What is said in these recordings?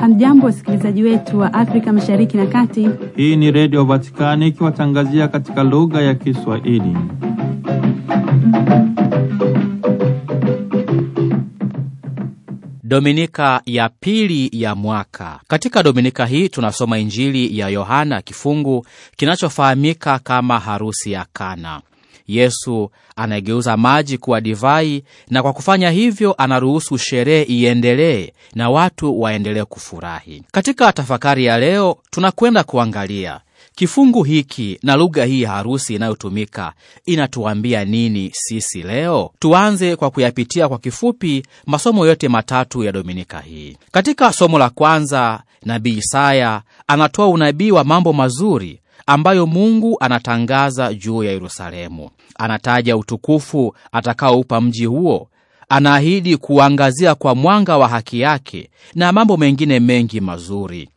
Hamjambo, wasikilizaji wetu wa Afrika Mashariki na Kati. Hii ni Redio Vatikani ikiwatangazia katika lugha ya Kiswahili. Dominika ya pili ya mwaka. Katika dominika hii tunasoma Injili ya Yohana, kifungu kinachofahamika kama harusi ya Kana. Yesu anageuza maji kuwa divai, na kwa kufanya hivyo anaruhusu sherehe iendelee na watu waendelee kufurahi. Katika tafakari ya leo, tunakwenda kuangalia kifungu hiki na lugha hii ya harusi inayotumika inatuambia nini sisi leo? Tuanze kwa kuyapitia kwa kifupi masomo yote matatu ya dominika hii. Katika somo la kwanza, nabii Isaya anatoa unabii wa mambo mazuri ambayo Mungu anatangaza juu ya Yerusalemu. Anataja utukufu atakaoupa mji huo, anaahidi kuangazia kwa mwanga wa haki yake na mambo mengine mengi mazuri.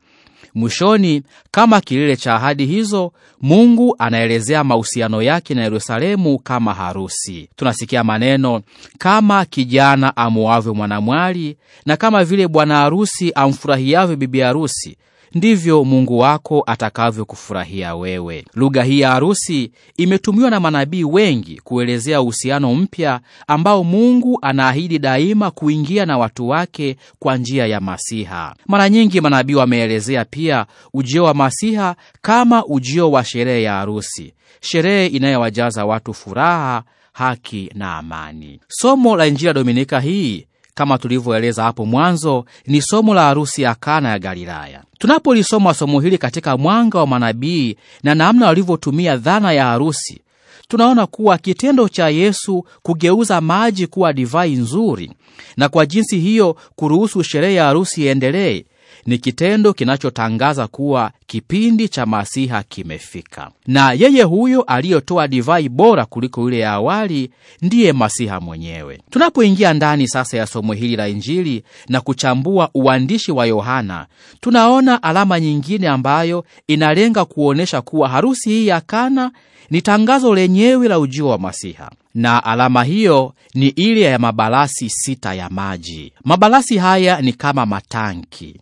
Mwishoni, kama kilele cha ahadi hizo, Mungu anaelezea mahusiano yake na Yerusalemu kama harusi. Tunasikia maneno kama kijana amuavyo mwanamwali na kama vile bwana harusi amfurahiavyo bibi harusi, ndivyo Mungu wako atakavyokufurahia wewe. Lugha hii ya harusi imetumiwa na manabii wengi kuelezea uhusiano mpya ambao Mungu anaahidi daima kuingia na watu wake kwa njia ya Masiha. Mara nyingi manabii wameelezea pia ujio wa Masiha kama ujio wa sherehe ya harusi, sherehe inayowajaza watu furaha, haki na amani. Somo la injira Dominika hii kama tulivyoeleza hapo mwanzo, ni somo la harusi ya Kana ya Galilaya. Tunapolisoma somo hili katika mwanga wa manabii na namna walivyotumia dhana ya harusi, tunaona kuwa kitendo cha Yesu kugeuza maji kuwa divai nzuri na kwa jinsi hiyo kuruhusu sherehe ya harusi iendelee ni kitendo kinachotangaza kuwa kipindi cha Masiha kimefika, na yeye huyo aliyotoa divai bora kuliko yule ya awali ndiye Masiha mwenyewe. Tunapoingia ndani sasa ya somo hili la Injili na kuchambua uandishi wa Yohana, tunaona alama nyingine ambayo inalenga kuonyesha kuwa harusi hii ya Kana ni tangazo lenyewe la ujio wa Masiha, na alama hiyo ni ile ya mabalasi sita ya maji. Mabalasi haya ni kama matanki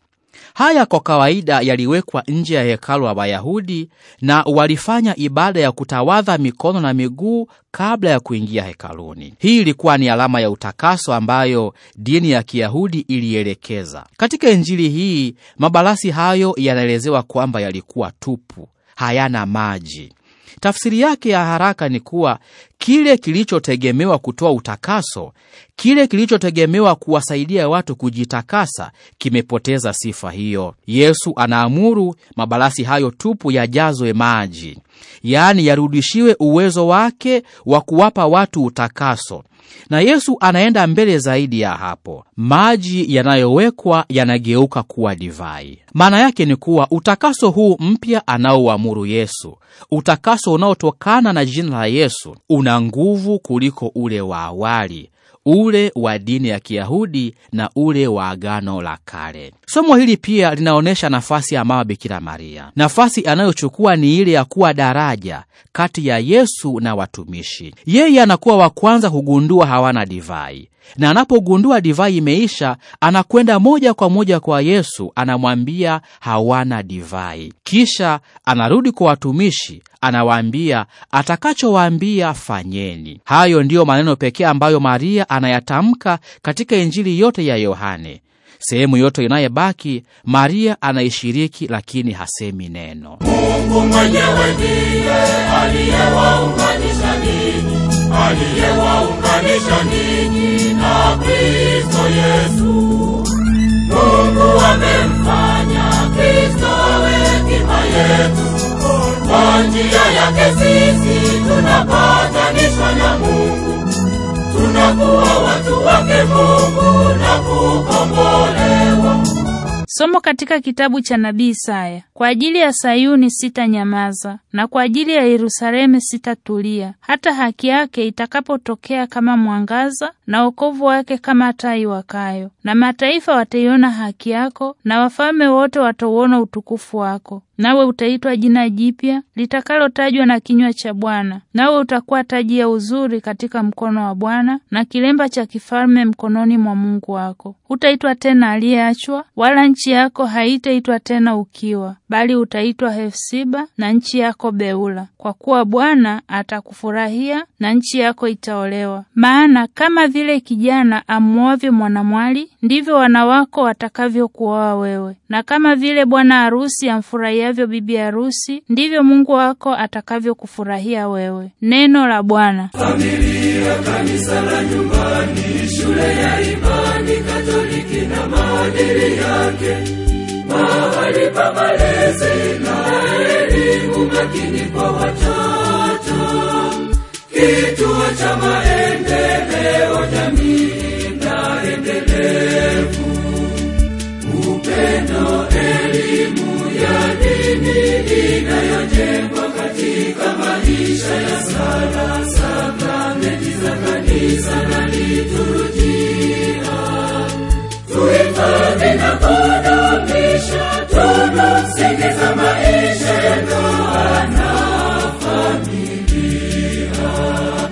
Haya kwa kawaida yaliwekwa nje ya hekalu la Wayahudi na walifanya ibada ya kutawadha mikono na miguu kabla ya kuingia hekaluni. Hii ilikuwa ni alama ya utakaso ambayo dini ya Kiyahudi ilielekeza. Katika Injili hii, mabalasi hayo yanaelezewa kwamba yalikuwa tupu, hayana maji. Tafsiri yake ya haraka ni kuwa kile kilichotegemewa kutoa utakaso, kile kilichotegemewa kuwasaidia watu kujitakasa kimepoteza sifa hiyo. Yesu anaamuru mabalasi hayo tupu yajazwe maji, yaani yarudishiwe uwezo wake wa kuwapa watu utakaso. Na Yesu anaenda mbele zaidi ya hapo. Maji yanayowekwa yanageuka kuwa divai. Maana yake ni kuwa utakaso huu mpya anaoamuru Yesu, utakaso unaotokana na jina la Yesu una una nguvu kuliko ule wa awali, ule wa dini ya Kiyahudi na ule wa Agano la Kale. Somo hili pia linaonyesha nafasi ya Mama Bikira Maria. Nafasi anayochukua ni ile ya kuwa daraja kati ya Yesu na watumishi. Yeye anakuwa wa kwanza kugundua hawana divai na anapogundua divai imeisha, anakwenda moja kwa moja kwa Yesu, anamwambia hawana divai. Kisha anarudi kwa watumishi, anawaambia atakachowaambia fanyeni. Hayo ndiyo maneno pekee ambayo Maria anayatamka katika Injili yote ya Yohane. Sehemu yote inayebaki Maria anaishiriki, lakini hasemi neno. Mungu mwenyewe ndiye aliyewaunganisha ninyi, aliyewaunganisha ninyi na Kristo Yesu. Mungu amemfanya Kristo awe hima yetu. Kwa njia yake sisi tunapatanishwa na Mungu. Somo katika kitabu cha nabii Isaya. Kwa ajili ya Sayuni sitanyamaza, na kwa ajili ya Yerusalemu sitatulia, hata haki yake itakapotokea kama mwangaza, na wokovu wake kama tai wakayo Na mataifa wataiona haki yako, na wafalme wote watauona utukufu wako nawe utaitwa jina jipya litakalotajwa na kinywa cha Bwana, nawe utakuwa taji ya uzuri katika mkono wa Bwana na kilemba cha kifalme mkononi mwa Mungu wako. Utaitwa tena aliyeachwa, wala nchi yako haitaitwa tena ukiwa, bali utaitwa Hefsiba na nchi yako Beula, kwa kuwa Bwana atakufurahia na nchi yako itaolewa. Maana kama vile kijana amwoavyo mwanamwali, ndivyo wanawako watakavyokuoa wewe, na kama vile bwana harusi amfurahia afanyiavyo bibi harusi, ndivyo Mungu wako atakavyokufurahia wewe. Neno la Bwana. Familia, kanisa la nyumbani, shule ya imani Katoliki na maadili yake, mahali pa malezi na elimu makini kwa watoto, kituo cha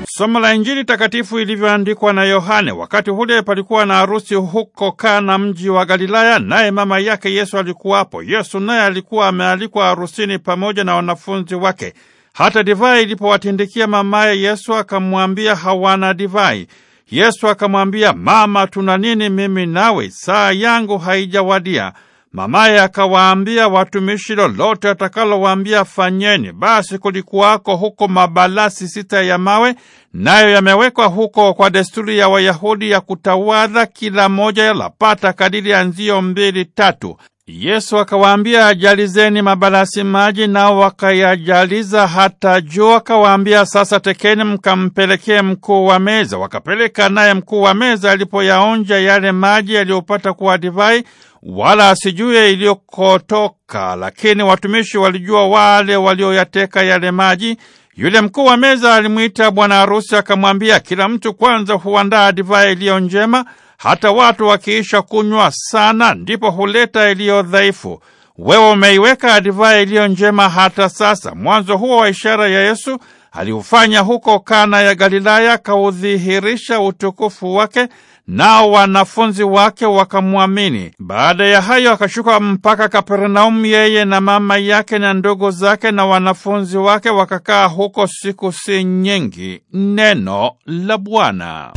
Somo la Injili takatifu ilivyoandikwa na Yohane. Wakati ule palikuwa na harusi huko Kana, mji wa Galilaya, naye mama yake Yesu alikuwapo. Yesu naye alikuwa amealikwa harusini pamoja na wanafunzi wake. Hata divai ilipowatindikia mamaye, Yesu akamwambia hawana divai. Yesu akamwambia, mama, tuna nini mimi nawe? Saa yangu haijawadia. Mamaye akawaambia watumishi, lolote atakalowaambia fanyeni. Basi kulikuwako huko mabalasi sita ya mawe, nayo yamewekwa huko kwa desturi ya Wayahudi ya kutawadha, kila moja lapata kadiri ya nzio mbili tatu. Yesu akawaambia, jalizeni mabalasi maji, nao wakayajaliza hata juu. Akawaambia, sasa tekeni mkampelekee mkuu wa meza. Wakapeleka naye mkuu wa meza alipoyaonja yale maji yaliyopata kuwa divai, wala asijue iliyokotoka, lakini watumishi walijua wale walioyateka yale maji. Yule mkuu wa meza alimwita bwana harusi, akamwambia, kila mtu kwanza huandaa divai iliyo njema hata watu wakiisha kunywa sana, ndipo huleta iliyo dhaifu. Wewe umeiweka divai iliyo njema hata sasa. Mwanzo huo wa ishara ya Yesu aliufanya huko Kana ya Galilaya, kaudhihirisha utukufu wake, nao wanafunzi wake wakamwamini. Baada ya hayo akashuka mpaka Kapernaumu, yeye na mama yake na ndugu zake na wanafunzi wake, wakakaa huko siku si nyingi. Neno la Bwana.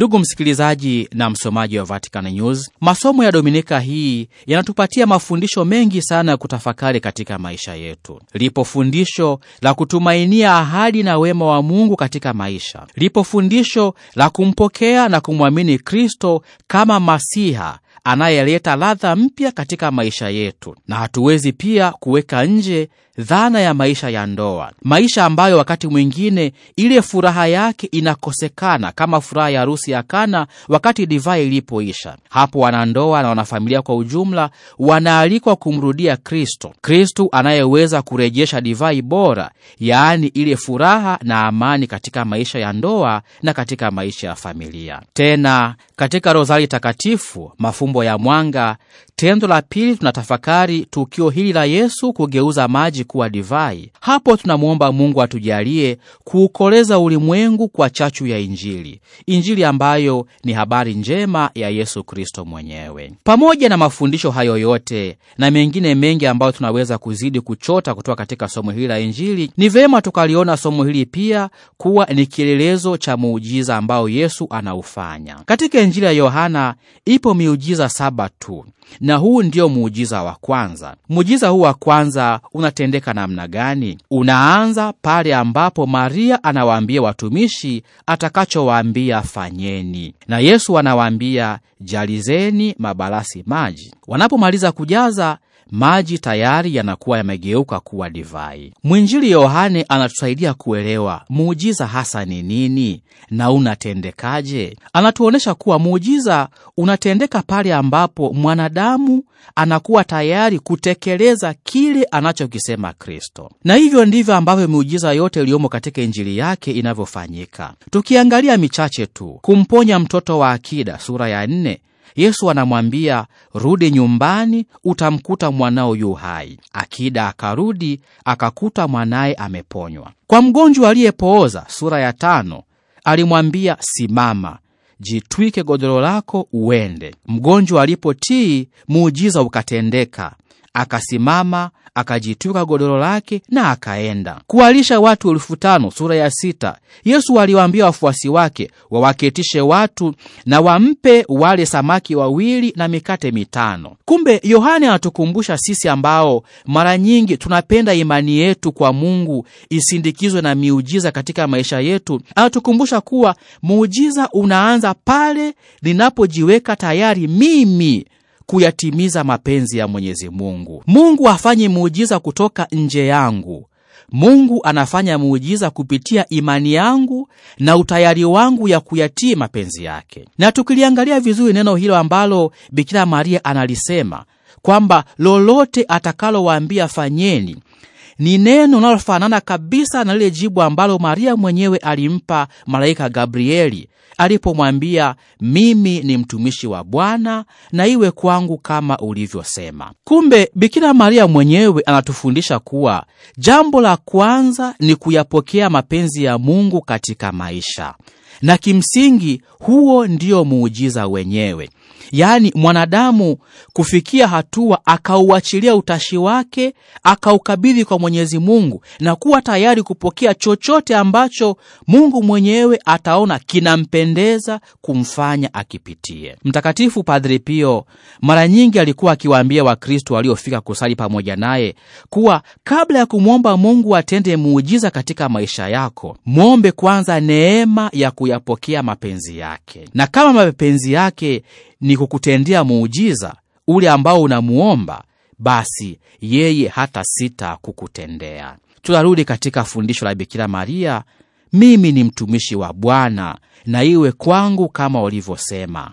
Ndugu msikilizaji na msomaji wa Vatican News, masomo ya Dominika hii yanatupatia mafundisho mengi sana ya kutafakari katika maisha yetu. Lipo fundisho la kutumainia ahadi na wema wa Mungu katika maisha. Lipo fundisho la kumpokea na kumwamini Kristo kama Masiha anayeleta ladha mpya katika maisha yetu, na hatuwezi pia kuweka nje dhana ya maisha ya ndoa, maisha ambayo wakati mwingine ile furaha yake inakosekana, kama furaha ya harusi ya Kana wakati divai ilipoisha. Hapo wanandoa na wanafamilia kwa ujumla wanaalikwa kumrudia Kristo, Kristo anayeweza kurejesha divai bora, yaani ile furaha na amani katika maisha ya ndoa na katika maisha ya familia. Tena katika Rozari Takatifu, mafumbo ya mwanga, tendo la pili tunatafakari tukio hili la Yesu kugeuza maji kuwa divai. Hapo tunamwomba Mungu atujalie kuukoleza ulimwengu kwa chachu ya Injili, Injili ambayo ni habari njema ya Yesu Kristo mwenyewe. Pamoja na mafundisho hayo yote na mengine mengi ambayo tunaweza kuzidi kuchota kutoka katika somo hili la Injili, ni vema tukaliona somo hili pia kuwa ni kielelezo cha muujiza ambao Yesu anaufanya katika Injili ya Yohana. Ipo miujiza saba tu na huu ndio muujiza wa kwanza. Muujiza huu wa kwanza unatendeka kueleweka namna gani? Unaanza pale ambapo Maria anawaambia watumishi atakachowaambia fanyeni, na Yesu anawaambia jalizeni mabalasi maji. Wanapomaliza kujaza maji tayari yanakuwa yamegeuka kuwa divai. Mwinjili Yohane anatusaidia kuelewa muujiza hasa ni nini na unatendekaje. Anatuonyesha kuwa muujiza unatendeka pale ambapo mwanadamu anakuwa tayari kutekeleza kile anachokisema Kristo, na hivyo ndivyo ambavyo miujiza yote iliyomo katika Injili yake inavyofanyika. Tukiangalia michache tu, kumponya mtoto wa akida sura ya nne Yesu anamwambia, rudi nyumbani, utamkuta mwanao yu hai. Akida akarudi akakuta mwanaye ameponywa. Kwa mgonjwa aliyepooza, sura ya tano, alimwambia simama, jitwike godoro lako uende. Mgonjwa alipotii, muujiza ukatendeka, akasimama akajitwika godoro lake na akaenda kuwalisha watu elfu tano. Sura ya sita, Yesu aliwaambia wafuasi wake wawaketishe watu na wampe wale samaki wawili na mikate mitano. Kumbe Yohane anatukumbusha sisi ambao mara nyingi tunapenda imani yetu kwa Mungu isindikizwe na miujiza katika maisha yetu, anatukumbusha kuwa muujiza unaanza pale linapojiweka tayari mimi kuyatimiza mapenzi ya Mwenyezi Mungu. Mungu hafanyi muujiza kutoka nje yangu. Mungu anafanya muujiza kupitia imani yangu na utayari wangu ya kuyatii mapenzi yake. Na tukiliangalia vizuri neno hilo ambalo Bikira Maria analisema kwamba lolote atakalowaambia fanyeni, ni neno linalofanana kabisa na lile jibu ambalo Maria mwenyewe alimpa malaika Gabrieli alipomwambia, mimi ni mtumishi wa Bwana na iwe kwangu kama ulivyosema. Kumbe Bikira Maria mwenyewe anatufundisha kuwa jambo la kwanza ni kuyapokea mapenzi ya Mungu katika maisha, na kimsingi huo ndio muujiza wenyewe yaani mwanadamu kufikia hatua akauachilia utashi wake akaukabidhi kwa Mwenyezi Mungu na kuwa tayari kupokea chochote ambacho Mungu mwenyewe ataona kinampendeza kumfanya akipitie. Mtakatifu padri Pio mara nyingi alikuwa akiwaambia Wakristo waliofika kusali pamoja naye kuwa kabla ya kumwomba Mungu atende muujiza katika maisha yako, mwombe kwanza neema ya kuyapokea mapenzi yake, na kama mapenzi yake ni kukutendea muujiza ule ambao unamuomba, basi yeye hata sita kukutendea. Tunarudi katika fundisho la Bikira Maria, mimi ni mtumishi wa Bwana na iwe kwangu kama ulivyosema.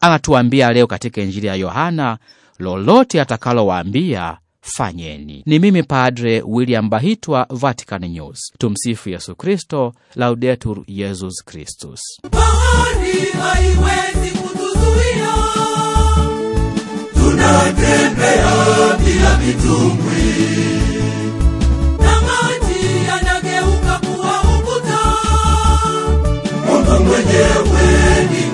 Anatuambia leo katika Injili ya Yohana, lolote atakalowaambia fanyeni. Ni mimi Padre William Bahitwa, Vatican News. Tumsifu Yesu Kristo, Laudetur Yesus Kristus kuzuia, tunatembea bila mitumbwi na maji yanageuka kuwa ukuta. Mungu mwenyewe ni